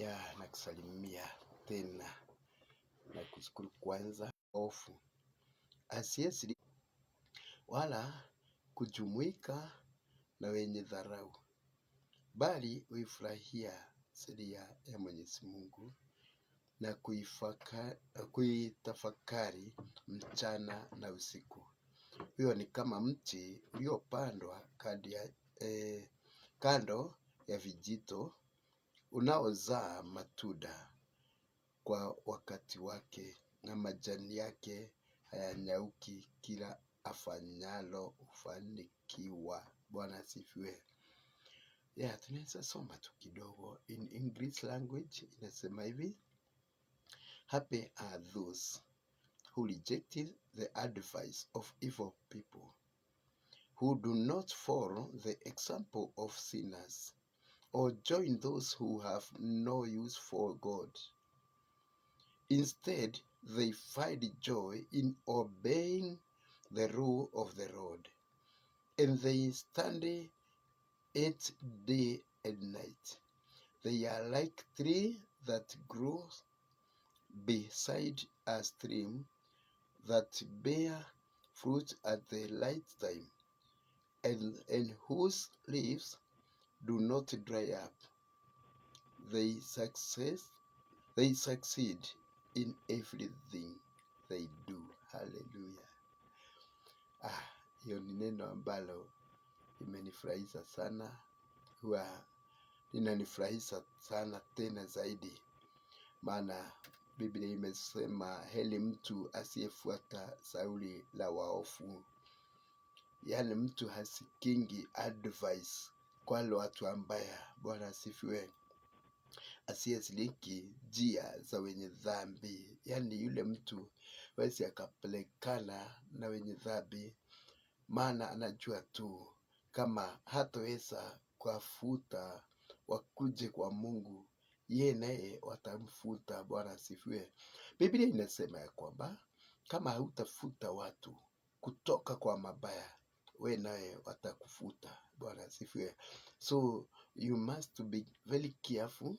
pamoja na kusalimia tena na kushukuru kwanza ofu asiyesiri wala kujumuika na wenye dharau, bali uifurahia sheria ya Mwenyezi Mungu na kuitafakari mchana na usiku. Huyo ni kama mti uliopandwa eh, kando ya vijito unaozaa matunda kwa wakati wake na majani yake hayanyauki kila afanyalo ufanikiwa Bwana asifiwe. Yeah, tunaweza soma tu kidogo. In English language inasema hivi, happy are those who rejected the advice of evil people who do not follow the example of sinners or join those who have no use for God. Instead, they find joy in obeying the rule of the rod, and they stand it day and night. They are like tree that grows beside a stream that bear fruit at the light time, and, and whose leaves do not dry up. They success, they succeed in everything they do. Haleluya! Ah, hiyo ni neno ambalo imenifurahisha sana, huwa linanifurahisha sana tena zaidi, maana Biblia imesema heli mtu asiyefuata shauri la waofu yaani mtu hasikingi advice kwa wale watu ambaye Bwana asifiwe, asiyesiliki njia za wenye dhambi, yaani yule mtu wezi akapelekana na wenye dhambi, maana anajua tu kama hataweza kuwafuta wakuje kwa Mungu, yeye naye watamfuta. Bwana asifiwe. Biblia inasema ya kwamba kama hautafuta watu kutoka kwa mabaya, we naye watakufuta. Bwana asifiwe. So you must be very careful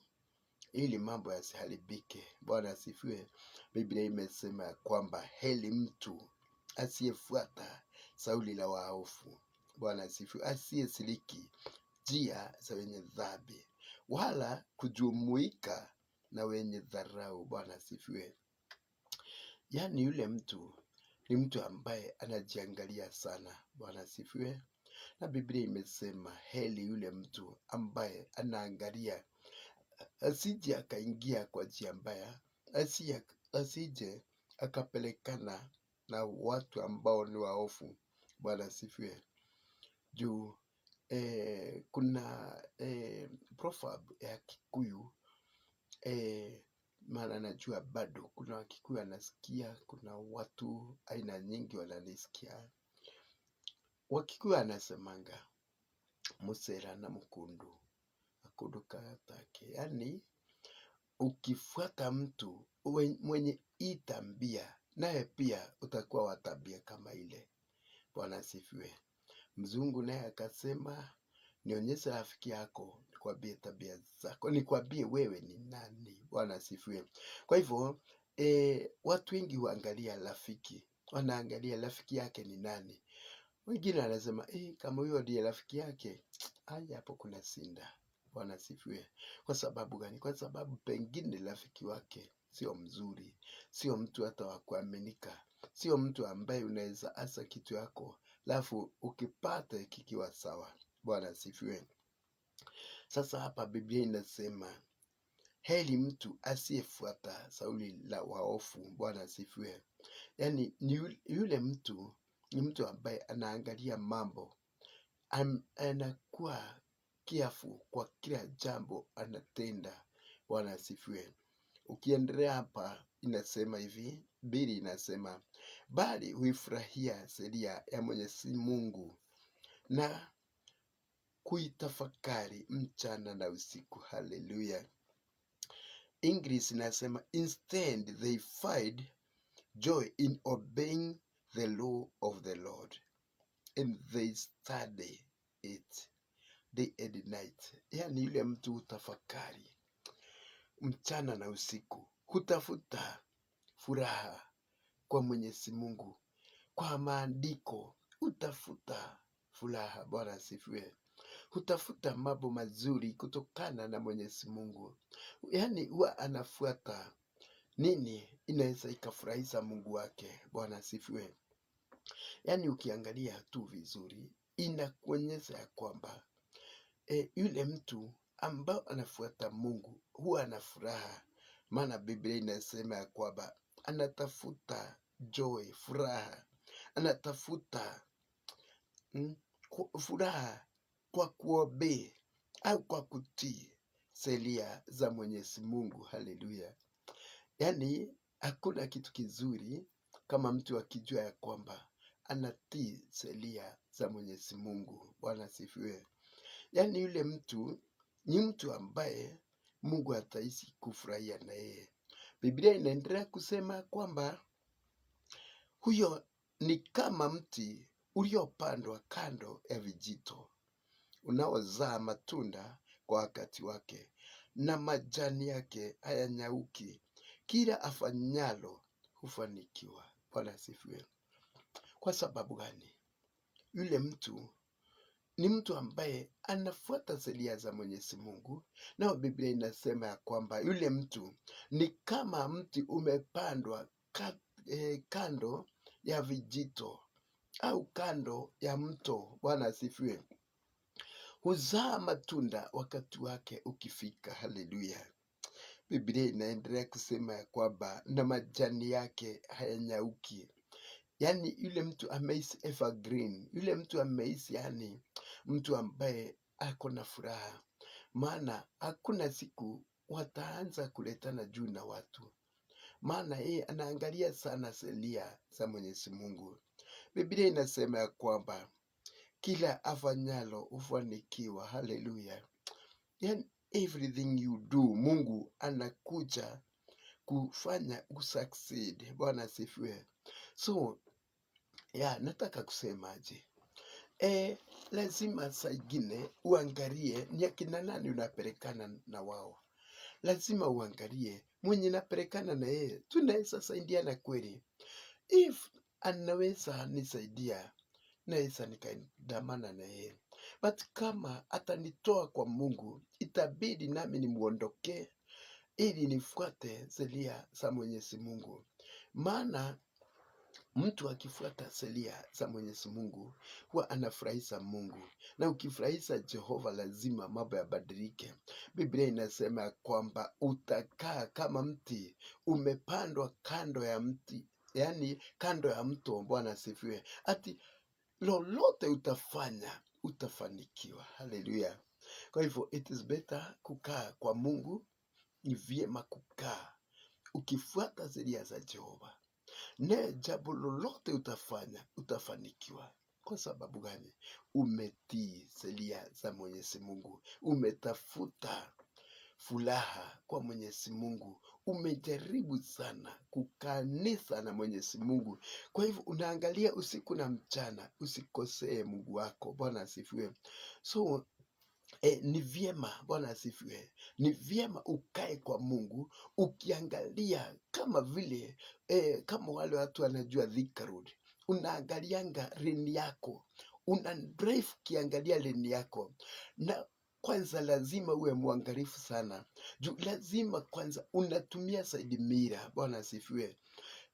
ili mambo yasiharibike. Bwana asifiwe. Biblia imesema kwamba heli mtu asiyefuata sauli la waofu Bwana asifiwe, asiyesiriki njia za wenye dhambi, wala kujumuika na wenye dharau. Bwana asifiwe. Yaani yule mtu ni mtu ambaye anajiangalia sana. Bwana asifiwe na Biblia imesema heli yule mtu ambaye anaangalia asije akaingia kwa njia mbaya, asije akapelekana na watu ambao ni waofu. Bwana sifiwe. Juu eh, kuna eh, proverb ya Kikuyu eh, maana najua bado kuna Wakikuyu anasikia, kuna watu aina nyingi wananisikia wakiku anasemanga musera na mkundu akundu katake, yaani ukifuata mtu mwenye hii tabia, naye pia utakuwa wa tabia kama ile. Bwana sifiwe Mzungu naye akasema, nionyesha rafiki yako, nikwambie tabia zako, nikwambie wewe ni nani. Bwana sifiwe Kwa hivyo e, watu wengi huangalia rafiki, wanaangalia rafiki yake ni nani wengine anasema eh, kama huyo ndiye rafiki yake, haya hapo kuna sinda. Bwana sifiwe. Kwa sababu gani? Kwa sababu pengine rafiki wake sio mzuri, sio mtu hata wa kuaminika, sio mtu ambaye unaweza asa kitu yako lafu ukipata kikiwa sawa. Bwana sifiwe. Sasa hapa Biblia inasema heli mtu asiyefuata sauli la waofu Bwana sifiwe. Yaani ni yule mtu ni mtu ambaye anaangalia mambo, anakuwa kiafu kwa kila jambo anatenda. Bwana asifiwe. Ukiendelea hapa inasema hivi, mbili inasema bali huifurahia sheria ya Mwenyezi Mungu na kuitafakari mchana na usiku. Haleluya. English inasema instead they find joy in obeying the law of the Lord, and they study it day and night, Yani yule mtu hutafakari mchana na usiku, hutafuta furaha kwa Mwenyezi Mungu kwa maandiko, hutafuta furaha. Bwana asifiwe. Hutafuta mambo mazuri kutokana na Mwenyezi Mungu, yaani huwa anafuata nini inaweza ikafurahisha Mungu wake. Bwana asifiwe. Yaani ukiangalia tu vizuri inakuonyesha ya kwamba e, yule mtu ambao anafuata Mungu huwa ana furaha, maana Biblia inasema ya kwamba anatafuta joy, furaha, anatafuta mm, furaha kwa kuobee au kwa kutii sheria za Mwenyezi Mungu. Haleluya! Yaani, hakuna kitu kizuri kama mtu akijua ya kwamba anatii sheria za mwenyezi mungu. Bwana sifiwe. Yaani yule mtu ni mtu ambaye mungu ataishi kufurahia na yeye. Biblia inaendelea kusema kwamba huyo ni kama mti uliopandwa kando ya vijito. Unaozaa matunda kwa wakati wake na majani yake hayanyauki kila afanyalo hufanikiwa. Bwana asifiwe. Kwa sababu gani? Yule mtu ni mtu ambaye anafuata sheria za Mwenyezi Mungu, nao Biblia inasema ya kwamba yule mtu ni kama mti umepandwa ka, eh, kando ya vijito au kando ya mto. Bwana asifiwe. Huzaa matunda wakati wake ukifika. Haleluya. Biblia inaendelea kusema ya kwamba na majani yake hayanyauki. Yaani yule mtu ameisi evergreen, yule mtu ameisi, yani mtu ambaye ako na furaha, maana hakuna siku wataanza kuletana juu na watu, maana yeye anaangalia sana sheria za Mwenyezi Mungu. Biblia inasema ya kwamba kila afanyalo hufanikiwa. Haleluya! Yaani everything you do mungu anakuja kufanya usucceed bwana sifiwe so ya nataka kusemaje e, lazima saingine uangalie ni akina nani unapelekana na wao lazima uangalie mwenye naperekana na yeye tunaweza saidiana kweli if anaweza nisaidia naweza nikaendamana na yeye But kama atanitoa kwa Mungu, itabidi nami nimuondokee ili nifuate sheria za Mwenyezi Mungu. Maana mtu akifuata sheria za Mwenyezi Mungu huwa anafurahisha Mungu, na ukifurahisha Jehova lazima mambo yabadilike. Biblia inasema kwamba utakaa kama mti umepandwa kando ya mti, yani kando ya mto. Bwana asifiwe. Ati lolote utafanya utafanikiwa. Haleluya! Kwa hivyo it is better kukaa kwa Mungu, ni vyema kukaa ukifuata sheria za Jehova, ne jambo lolote utafanya utafanikiwa. Kwa sababu gani? Umetii sheria za Mwenyezi Mungu, umetafuta furaha kwa Mwenyezi Mungu, umejaribu sana kukanisa na mwenyezi mungu kwa hivyo unaangalia usiku na mchana usikosee mungu wako bwana asifiwe so E, ni vyema bwana asifiwe ni vyema ukae kwa mungu ukiangalia kama vile e, kama wale watu wanajua Thika Road unaangalianga rini yako una drive ukiangalia rini yako na kwanza lazima uwe mwangalifu sana juu lazima kwanza unatumia side mirror, Bwana asifiwe,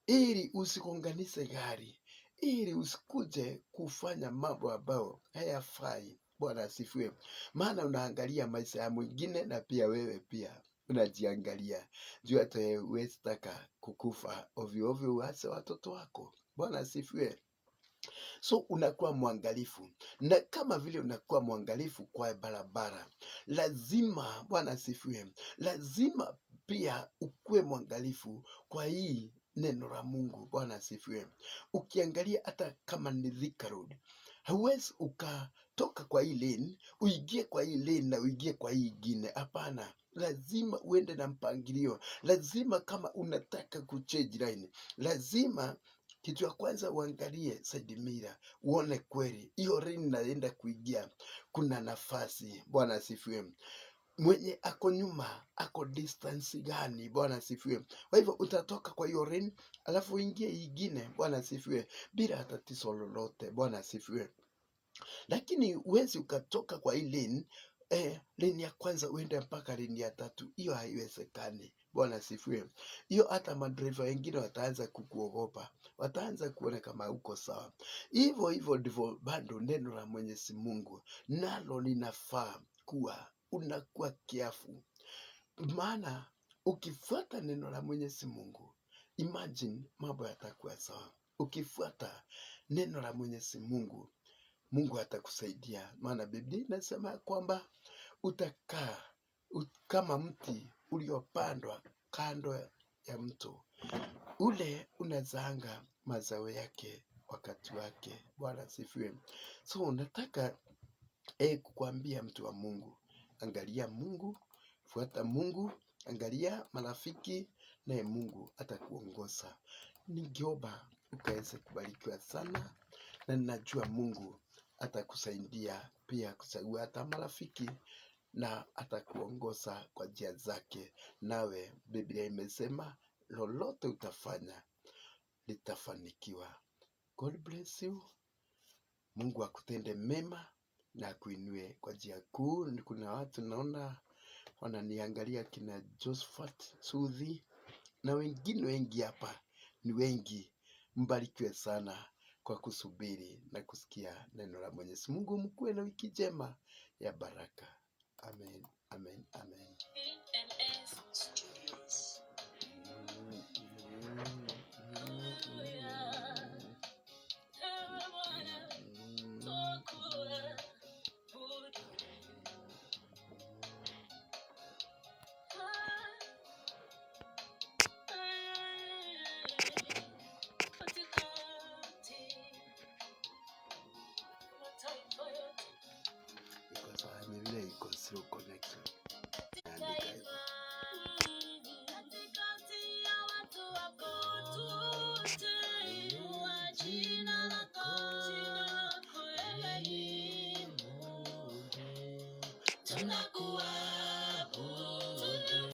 ili usikonganise gari, ili usikuje kufanya mambo ambayo hayafai. Bwana asifiwe, maana unaangalia maisha ya mwingine na pia wewe pia unajiangalia juu hata wewe kukufa ovyo ovyo, uache watoto wako. Bwana asifiwe. So unakuwa mwangalifu, na kama vile unakuwa mwangalifu kwa barabara, lazima Bwana asifiwe, lazima pia ukuwe mwangalifu kwa hii neno la Mungu. Bwana asifiwe. Ukiangalia hata kama ni Thika Road, huwezi ukatoka kwa hii lane uingie kwa hii lane na uingie kwa hii ingine. Hapana, lazima uende na mpangilio. Lazima kama unataka kuchange line, lazima kitu ya kwanza uangalie side mirror, uone kweli hiyo lini naenda kuingia, kuna nafasi. Bwana asifiwe. Mwenye ako nyuma ako distance gani? Bwana asifiwe. Kwa hivyo utatoka kwa hiyo lane, alafu uingie ingine. Bwana asifiwe, bila tatizo lolote. Bwana asifiwe. Lakini uwezi ukatoka kwa hii lane, eh, lane ya kwanza uende mpaka lane ya tatu, hiyo haiwezekani. Bwana sifiwe. Hiyo hata madereva wengine wataanza kukuogopa, wataanza kuona kama uko sawa. Hivyo hivyo ndivyo bado neno la Mwenyezi Mungu nalo linafaa kuwa unakuwa kiafu, maana ukifuata neno la Mwenyezi Mungu, imagine mambo yatakuwa sawa. Ukifuata neno la Mwenyezi Mungu, Mungu atakusaidia, maana Biblia inasema kwamba utakaa kama mti uliopandwa kando ya mto ule unazanga mazao yake wakati wake. Bwana sifiwe. So nataka eh, kukwambia mtu wa Mungu, angalia Mungu, fuata Mungu, angalia marafiki, naye Mungu atakuongoza. Ningeomba ukaweze kubarikiwa sana, na ninajua Mungu atakusaidia pia kuchagua hata marafiki na atakuongoza kwa njia zake. Nawe Biblia imesema lolote utafanya litafanikiwa. God bless you. Mungu akutende mema na akuinue kwa njia kuu. Kuna watu naona wananiangalia kina Josephat Sudhi na wengine wengi hapa, ni wengi. Mbarikiwe sana kwa kusubiri na kusikia neno la Mwenyezi Mungu. Mkuwe na wiki njema ya baraka. Amen. Amen.